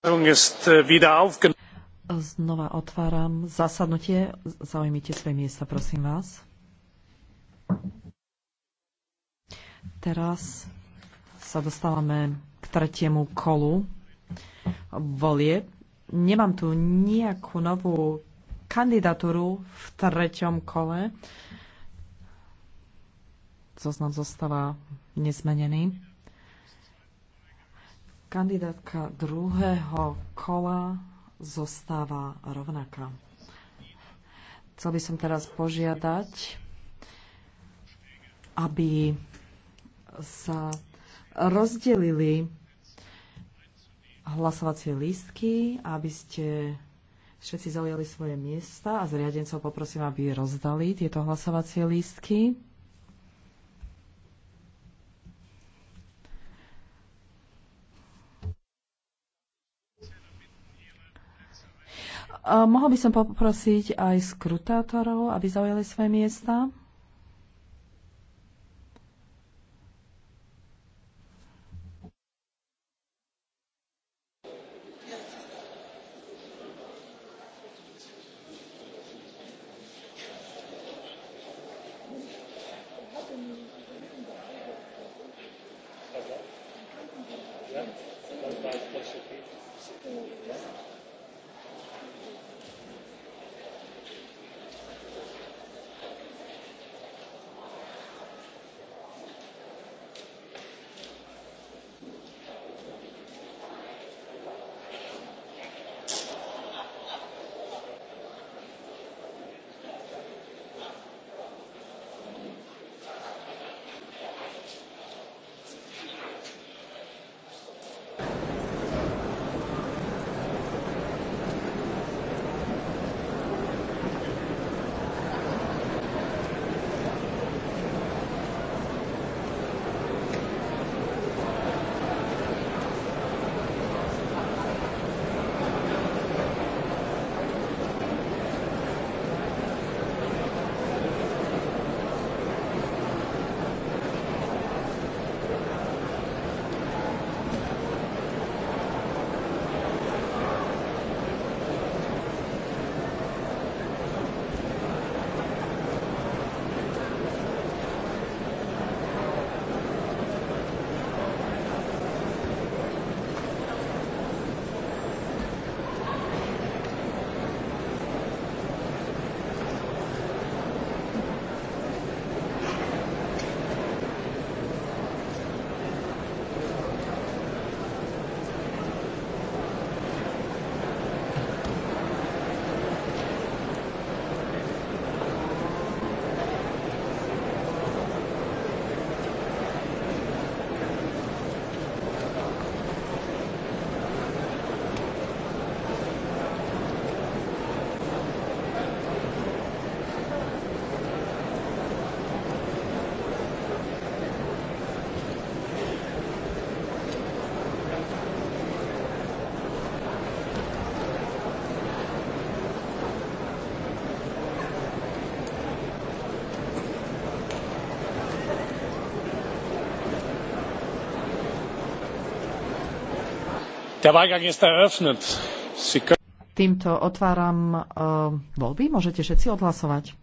Äh, Znova otváram zasadnutie. Zaujmite svoje miesta, prosím vás. Teraz sa dostávame k tretiemu kolu volie. Nemám tu nejakú novú kandidatúru v treťom kole. Zoznam zostáva nezmenený. Kandidátka druhého kola zostáva rovnaká. Chcel by som teraz požiadať, aby sa rozdelili hlasovacie lístky, aby ste všetci zaujali svoje miesta a zriadencov poprosím, aby rozdali tieto hlasovacie lístky. Eh, mohol by som poprosiť aj skrutátorov, aby zaujali svoje miesta. Týmto otváram uh, voľby. Môžete všetci odhlasovať.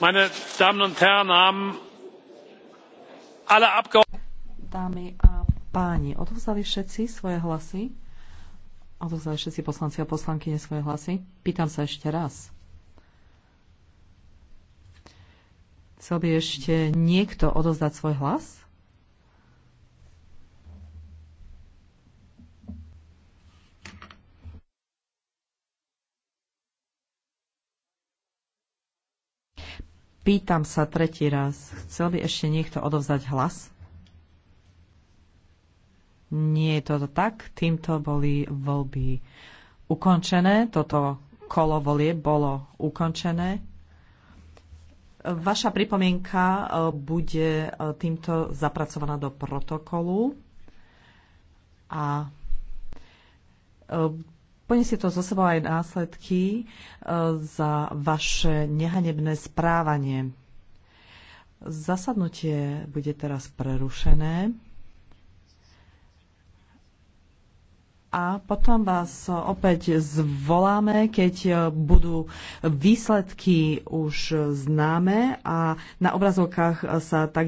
meine damen und herren haben alle abgeordneten páni, odovzdali všetci svoje hlasy? Odovzdali všetci poslanci a poslanky, svoje hlasy? Pýtam sa ešte raz. Chcel by ešte niekto odovzdať svoj hlas? Pýtam sa tretí raz. Chcel by ešte niekto odovzdať hlas? Nie je toto tak. Týmto boli voľby ukončené. Toto kolo volie bolo ukončené. Vaša pripomienka e, bude e, týmto zapracovaná do protokolu a e, Poniesie to zo sebou aj následky e, za vaše nehanebné správanie. Zasadnutie bude teraz prerušené. a potom vás opäť zvoláme, keď e, budú výsledky už známe a na obrazovkách sa tak.